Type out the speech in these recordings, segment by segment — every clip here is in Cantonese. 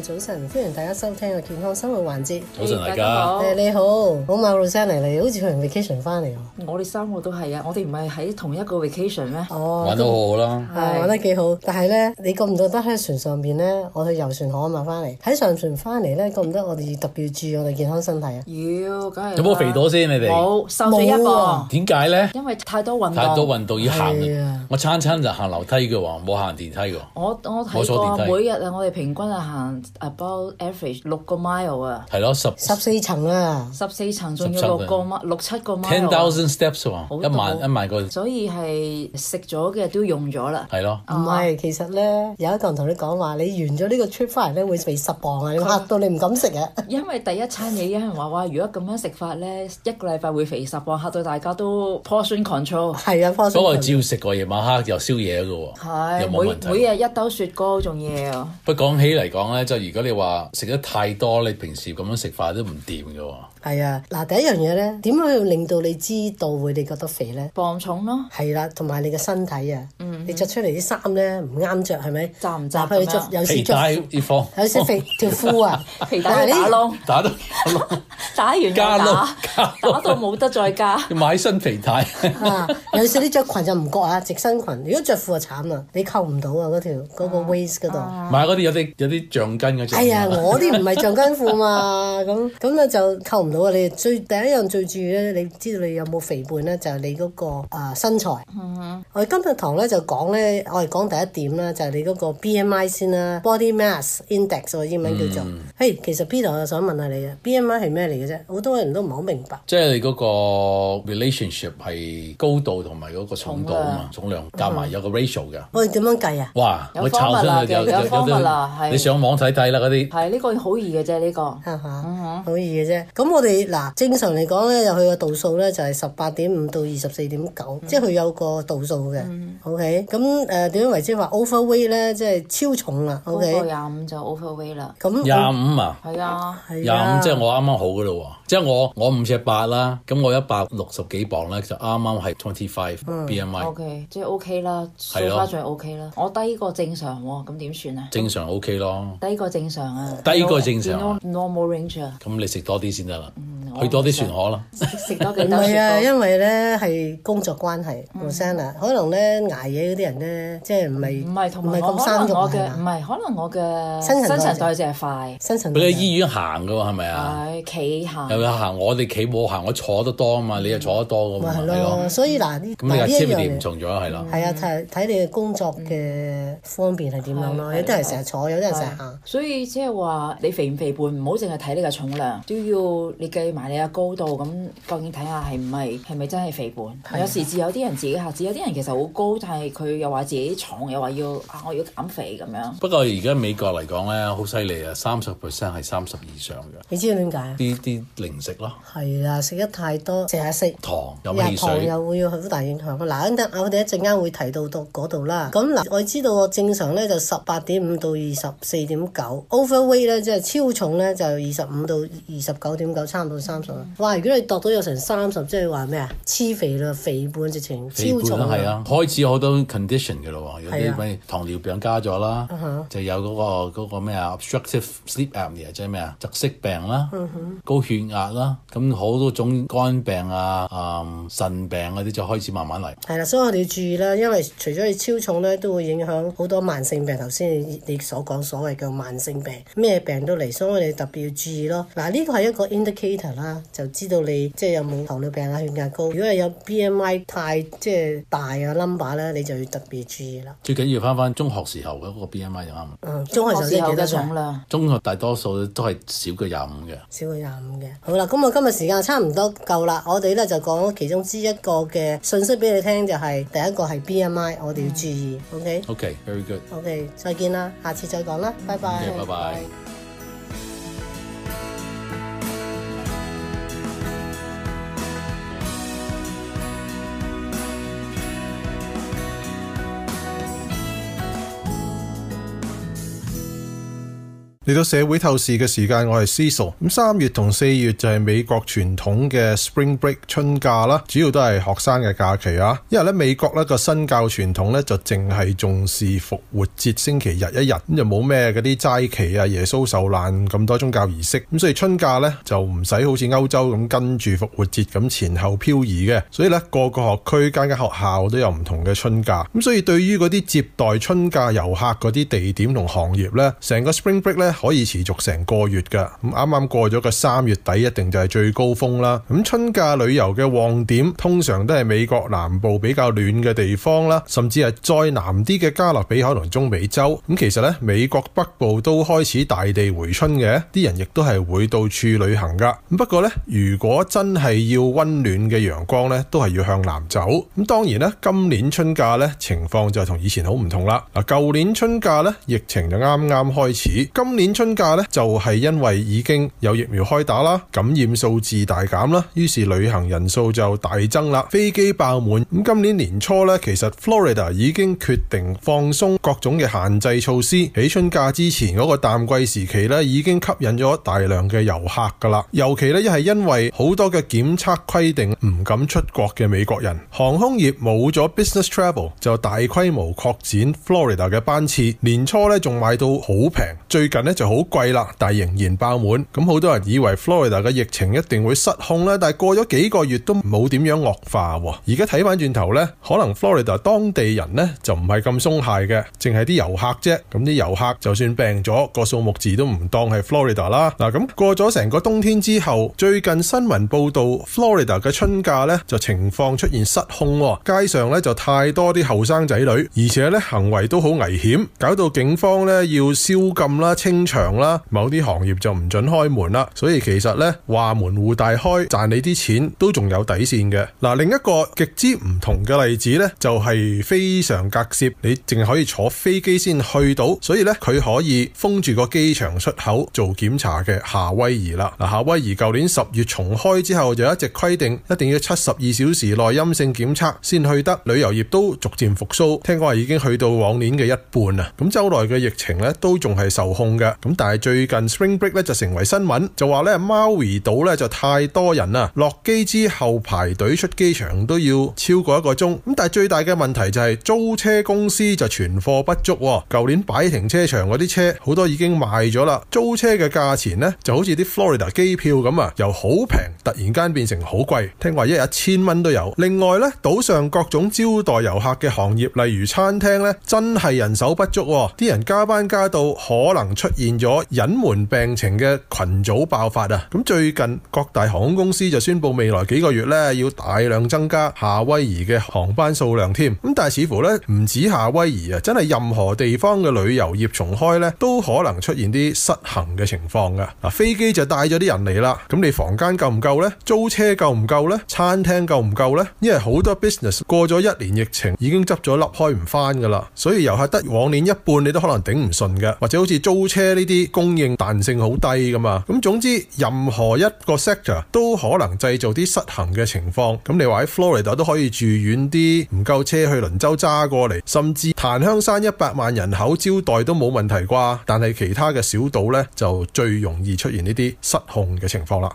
早晨，歡迎大家收聽《嘅健康生活環節》。早晨大家，誒你好，好嘛 Rosanna，你，好似去完 vacation 翻嚟喎。我哋三個都係啊，我哋唔係喺同一個 vacation 咩？玩得好好啦，係，玩得幾好。但係咧，你覺唔覺得喺船上邊咧？我去遊船河啊嘛，翻嚟喺上船翻嚟咧，覺唔得我哋特別要注意我哋健康身體啊？要，梗係有冇肥咗先？你哋冇瘦咗一啲喎？點解咧？因為太多運動，太多運動要行啊！我餐餐就行樓梯嘅喎，冇行電梯嘅。我我睇過，我坐電梯。每日啊，我哋平均啊行。About average 六個 mile 啊，係咯十十四層啊，十四層仲要六個 mile 六七個 mile，ten thousand steps 喎，一萬一萬個。所以係食咗嘅都用咗啦。係咯，唔係其實咧有一個人同你講話，你完咗呢個 trip 翻嚟咧會肥十磅啊，嚇到你唔敢食啊。因為第一餐你有人話哇，如果咁樣食法咧，一個禮拜會肥十磅，嚇到大家都 portion control。係啊，portion。所以只要食個夜晚黑又宵夜嘅喎，係每每日一兜雪糕仲要。不過講起嚟講咧，就如果你話食得太多，你平時咁樣食飯都唔掂嘅。係啊，嗱第一樣嘢咧，點樣令到你知道佢哋覺得肥咧？磅重咯，係啦、啊，同埋你嘅身體啊，嗯嗯你着出嚟啲衫咧唔啱着，係咪？窄唔窄？皮帶越放，有時肥、哦、條褲啊，皮帶打窿，打， 打完又打加加，打到冇得再加，要買身皮帶 、啊。有時你着裙就唔覺啊，直身裙；如果着褲就慘啦，你扣唔到啊，嗰條嗰、嗰個 waist 嗰度。買嗰啲有啲有啲橡筋嘅。哎呀，我啲唔係橡筋褲嘛，咁咁啊就扣唔。我啊！你最第一樣最注意咧，你知道你有冇肥胖咧，就係、是、你嗰、那個、呃、身材。我、mm、哋 -hmm. 我今日堂咧就講咧，我哋講第一點、就是、啦，就係你嗰個 BMI 先啦，Body Mass Index 我英文叫做。嘿、mm -hmm.，hey, 其實 Peter 我想問下你啊，BMI 係咩嚟嘅啫？好多人都唔好明白。即係你嗰個 relationship 係高度同埋嗰個重度啊嘛，重量、mm -hmm. 加埋有個 ratio 嘅、mm -hmm. 啊。我哋點樣計啊？哇，我抄出嚟有有，有，有，有你上網睇睇啦，啲。係、這、呢個好易嘅啫，呢、這個。好、mm -hmm. 嗯 -hmm. 易嘅啫。咁我。嗱，正常嚟講咧，又佢、嗯、個度數咧就係十八點五到二十四點九，即係佢有個度數嘅。OK，咁誒點樣為之話 overweight 咧？即係超重啦。OK，廿五就 overweight 啦。咁廿五啊？係啊，廿五即係我啱啱好噶啦喎。即係我我五尺八啦，咁我一百六十幾磅咧，就啱啱係 twenty five BMI。嗯、OK、okay，OK，即係 OK 啦，數法上 OK 啦。我低過正常喎，咁點算啊？正常 OK 咯，低過正常啊，低過正常。Normal range 啊，咁你食多啲先得啦。嗯去多啲船河啦，食多幾多？唔係啊，因為咧係工作關係，冇聲啦。可能咧捱夜嗰啲人咧，即係唔係唔係咁生重嘅。唔係，可能我嘅新陳代謝係快，新陳。新新你喺醫院行噶喎，係咪啊？係，企行。有冇行？我哋企冇行，我坐得多啊嘛，你又坐得多㗎嘛。咪係咯，所以嗱呢，第一樣唔重咗係咯。係啊，睇睇你嘅工作嘅方便係點樣咯？有啲人成日坐，有啲人成日行，所以即係話你肥唔肥胖，唔好淨係睇呢個重量，都要你計你嘅高度咁，究竟睇下係唔係係咪真係肥胖？有時自有啲人自己嚇，自有啲人其實好高，但係佢又話自己重，又話要我要減肥咁樣。不過而家美國嚟講咧，好犀利啊！三十 percent 係三十以上嘅。你知唔知點解？啲啲零食咯。係啊，食得太多，成日食糖，又糖又會要好大影響。嗱，我哋一陣間會提到到嗰度啦。咁嗱，我知道我正常咧就十八點五到二十四點九，overweight 咧即係超重咧就二十五到二十九點九，差唔多三十，哇！如果你度到有成三十，即係話咩啊？黐肥啦，肥胖直情超重啦，係啊，開始好多 condition 嘅咯，有啲咩糖尿病加咗啦、啊，就有嗰、嗰個、嗰個咩啊 obstructive sleep apnea，即係咩啊？窒息病啦、嗯，高血壓啦，咁好多種肝病啊，腎、嗯、病嗰、啊、啲就開始慢慢嚟。係啦、啊，所以我哋要注意啦，因為除咗你超重咧，都會影響好多慢性病。頭先你所講所謂嘅慢性病，咩病都嚟，所以我哋特別要注意咯。嗱、啊，呢個係一個 indicator 就知道你即係有冇糖尿病啊、血壓高。如果係有 BMI 太即係大嘅 number 咧，你就要特別注意啦。最緊要翻翻中學時候嗰、那個 BMI 就啱。嗯，中學時候先幾多種。中學大多數都係少過廿五嘅。少過廿五嘅。好啦，咁我今日時間差唔多夠啦。我哋咧就講其中之一個嘅信息俾你聽，就係、是、第一個係 BMI，我哋要注意。嗯、OK。OK，very、okay, good。OK，再見啦，下次再講啦，拜拜。拜拜。嚟到社會透視嘅時間，我係 Cecil。咁三月同四月就係美國傳統嘅 Spring Break 春假啦，主要都係學生嘅假期啊。因為咧美國咧個新教傳統咧就淨係重視復活節星期日一日，咁就冇咩嗰啲齋期啊、耶穌受難咁多宗教儀式。咁所以春假咧就唔使好似歐洲咁跟住復活節咁前後漂移嘅。所以咧個個學區間嘅學校都有唔同嘅春假。咁所以對於嗰啲接待春假遊客嗰啲地點同行業咧，成個 Spring Break 咧，可以持續成個月㗎，咁啱啱過咗個三月底，一定就係最高峰啦。咁春假旅遊嘅旺點，通常都係美國南部比較暖嘅地方啦，甚至係再南啲嘅加勒比海同中美洲。咁其實呢，美國北部都開始大地回春嘅，啲人亦都係會到處旅行噶。不過呢，如果真係要溫暖嘅陽光呢，都係要向南走。咁當然呢，今年春假呢，情況就同以前好唔同啦。嗱，舊年春假呢，疫情就啱啱開始，今年。春假咧就係因為已經有疫苗開打啦，感染數字大減啦，於是旅行人數就大增啦，飛機爆滿。咁今年年初咧，其實 Florida 已經決定放鬆各種嘅限制措施。喺春假之前嗰個淡季時期咧，已經吸引咗大量嘅遊客噶啦。尤其咧，一係因為好多嘅檢測規定唔敢出國嘅美國人，航空業冇咗 business travel 就大規模擴展 Florida 嘅班次。年初咧仲買到好平，最近咧。好貴啦，但係仍然爆滿。咁好多人以為 Florida 嘅疫情一定會失控啦，但係過咗幾個月都冇點樣惡化。而家睇翻轉頭呢，可能 Florida 當地人呢就唔係咁鬆懈嘅，淨係啲遊客啫。咁啲遊客就算病咗，個數目字都唔當係 Florida 啦。嗱，咁過咗成個冬天之後，最近新聞報道 Florida 嘅春假呢就情況出現失控，街上呢就太多啲後生仔女，而且呢行為都好危險，搞到警方呢要宵禁啦、清。啦，某啲行業就唔准開門啦，所以其實呢話門戶大開賺你啲錢都仲有底線嘅。嗱、啊，另一個極之唔同嘅例子呢，就係、是、非常隔絕，你淨係可以坐飛機先去到，所以呢，佢可以封住個機場出口做檢查嘅夏威夷啦。嗱、啊，夏威夷舊年十月重開之後就一直規定一定要七十二小時內陰性檢測先去得，旅遊業都逐漸復甦，聽講話已經去到往年嘅一半啦，咁州內嘅疫情呢，都仲係受控嘅。咁但係最近 Spring Break 咧，就成為新聞，就話咧，茂宜島咧就太多人啦，落機之後排隊出機場都要超過一個鐘。咁但係最大嘅問題就係、是、租車公司就存貨不足、哦，舊年擺停車場嗰啲車好多已經賣咗啦，租車嘅價錢呢就好似啲 Florida 機票咁啊，由好平，突然間變成好貴，聽話一日一千蚊都有。另外呢島上各種招待遊客嘅行業，例如餐廳呢真係人手不足、哦，啲人加班加到可能出現。現咗隱瞞病情嘅群組爆發啊！咁最近各大航空公司就宣布，未來幾個月咧要大量增加夏威夷嘅航班數量添。咁但係似乎咧唔止夏威夷啊，真係任何地方嘅旅遊業重開咧都可能出現啲失衡嘅情況噶。嗱，飛機就帶咗啲人嚟啦，咁你房間夠唔夠呢？租車夠唔夠呢？餐廳夠唔夠呢？因為好多 business 過咗一年疫情已經執咗笠開唔翻噶啦，所以遊客得往年一半你都可能頂唔順嘅，或者好似租車。呢啲供應彈性好低噶嘛，咁總之任何一個 sector 都可能製造啲失衡嘅情況。咁你話喺 Florida 都可以住遠啲，唔夠車去倫州揸過嚟，甚至檀香山一百萬人口招待都冇問題啩？但係其他嘅小島呢，就最容易出現呢啲失控嘅情況啦。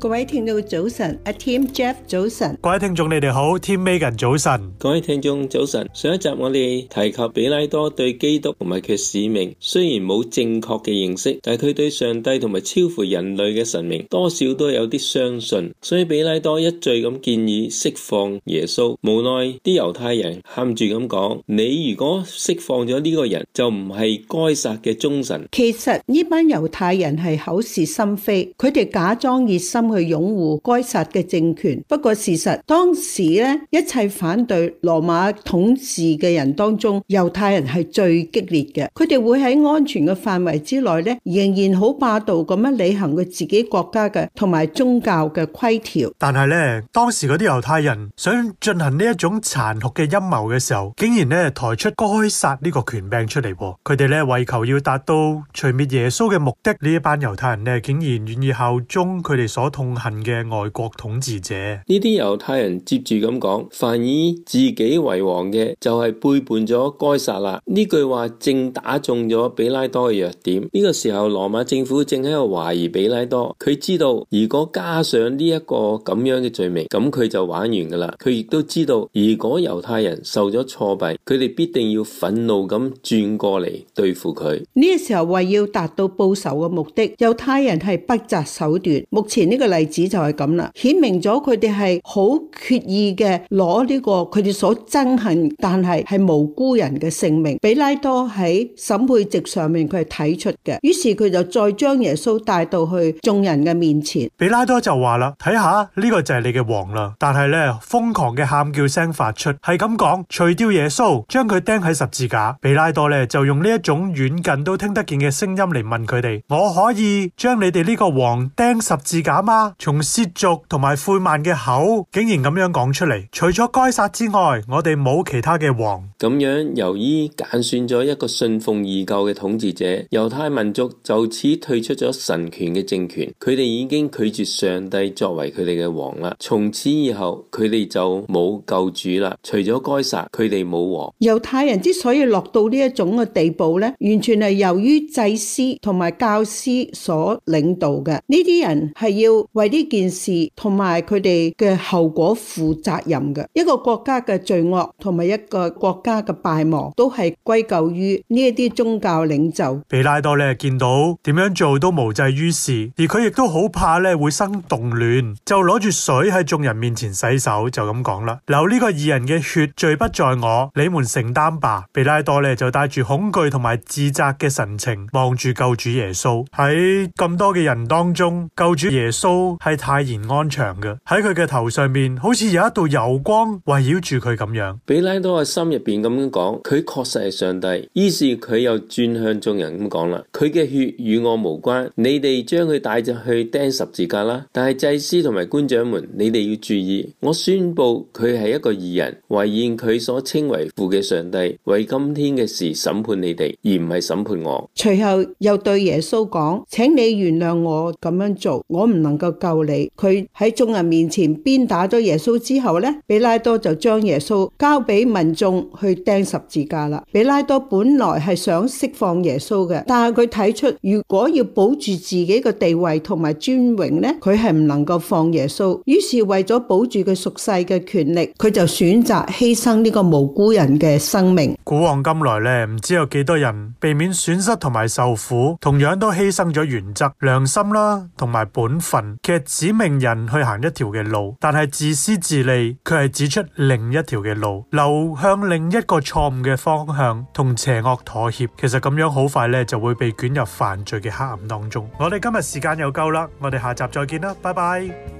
各位聽眾早晨，阿 Tim Jeff 早晨，各位聽眾你哋好，Tim Megan 早晨，各位聽眾早晨。上一集我哋提及比拉多對基督同埋佢使命，雖然冇正確嘅認識，但係佢對上帝同埋超乎人類嘅神明，多少都有啲相信。所以比拉多一再咁建議釋放耶穌，無奈啲猶太人喊住咁講：你如果釋放咗呢個人，就唔係凱撒嘅忠臣。其實呢班猶太人係口是心非，佢哋假裝熱心。去擁護該撒嘅政權，不過事實當時咧，一切反對羅馬統治嘅人當中，猶太人係最激烈嘅。佢哋會喺安全嘅範圍之內咧，仍然好霸道咁樣履行佢自己國家嘅同埋宗教嘅規條。但係咧，當時嗰啲猶太人想進行呢一種殘酷嘅陰謀嘅時候，竟然咧抬出該撒呢個權柄出嚟，佢哋咧為求要達到除滅耶穌嘅目的，呢一班猶太人咧竟然願意效忠佢哋所。痛恨嘅外國統治者，呢啲猶太人接住咁講：凡以自己為王嘅，就係、是、背叛咗該殺啦！呢句話正打中咗比拉多嘅弱點。呢、這個時候，羅馬政府正喺度懷疑比拉多，佢知道如果加上呢一個咁樣嘅罪名，咁佢就玩完噶啦。佢亦都知道，如果猶太人受咗挫敗，佢哋必定要憤怒咁轉過嚟對付佢。呢、這個時候為要達到報仇嘅目的，猶太人係不擇手段。目前呢、這個。例子就係咁啦，顯明咗佢哋係好決意嘅，攞呢個佢哋所憎恨但係係無辜人嘅性命。比拉多喺審判席上面佢係睇出嘅，於是佢就再將耶穌帶到去眾人嘅面前。比拉多就話啦：，睇下呢個就係你嘅王啦！但係呢，瘋狂嘅喊叫聲發出，係咁講，除掉耶穌，將佢釘喺十字架。比拉多咧就用呢一種遠近都聽得見嘅聲音嚟問佢哋：，我可以將你哋呢個王釘十字架嗎？從褻瀆同埋侮慢嘅口，竟然咁樣講出嚟。除咗該殺之外，我哋冇其他嘅王。咁樣，由於揀選咗一個信奉異教嘅統治者，猶太民族就此退出咗神權嘅政權。佢哋已經拒絕上帝作為佢哋嘅王啦。從此以後，佢哋就冇救主啦。除咗該殺，佢哋冇王。猶太人之所以落到呢一種嘅地步呢，完全係由於祭司同埋教師所領導嘅。呢啲人係要。為呢件事同埋佢哋嘅後果負責任嘅，一個國家嘅罪惡同埋一個國家嘅敗亡，都係歸咎於呢一啲宗教領袖。比拉多咧見到點樣做都無濟於事，而佢亦都好怕咧會生動亂，就攞住水喺眾人面前洗手，就咁講啦。流呢個二人嘅血，罪不在我，你們承擔吧。比拉多咧就帶住恐懼同埋自責嘅神情望住救主耶穌，喺咁多嘅人當中，救主耶穌。係泰然安詳嘅，喺佢嘅頭上面好似有一道油光圍繞住佢咁樣。比拉多喺心入邊咁樣講，佢確實係上帝。於是佢又轉向眾人咁講啦：佢嘅血與我無關，你哋將佢帶着去釘十字架啦。但係祭司同埋官長們，你哋要注意，我宣布佢係一個義人，為應佢所稱為父嘅上帝，為今天嘅事審判你哋，而唔係審判我。隨後又對耶穌講：請你原諒我咁樣做，我唔能夠。救你。佢喺眾人面前鞭打咗耶穌之後咧，比拉多就將耶穌交俾民眾去釘十字架啦。比拉多本來係想釋放耶穌嘅，但係佢睇出如果要保住自己嘅地位同埋尊榮咧，佢係唔能夠放耶穌。於是為咗保住佢屬世嘅權力，佢就選擇犧牲呢個無辜人嘅生命。古往今來咧，唔知有幾多人避免損失同埋受苦，同樣都犧牲咗原則、良心啦，同埋本分。其實指命人去行一條嘅路，但係自私自利，佢係指出另一條嘅路，流向另一個錯誤嘅方向，同邪惡妥協。其實咁樣好快咧就會被捲入犯罪嘅黑暗當中。我哋今日時間又夠啦，我哋下集再見啦，拜拜。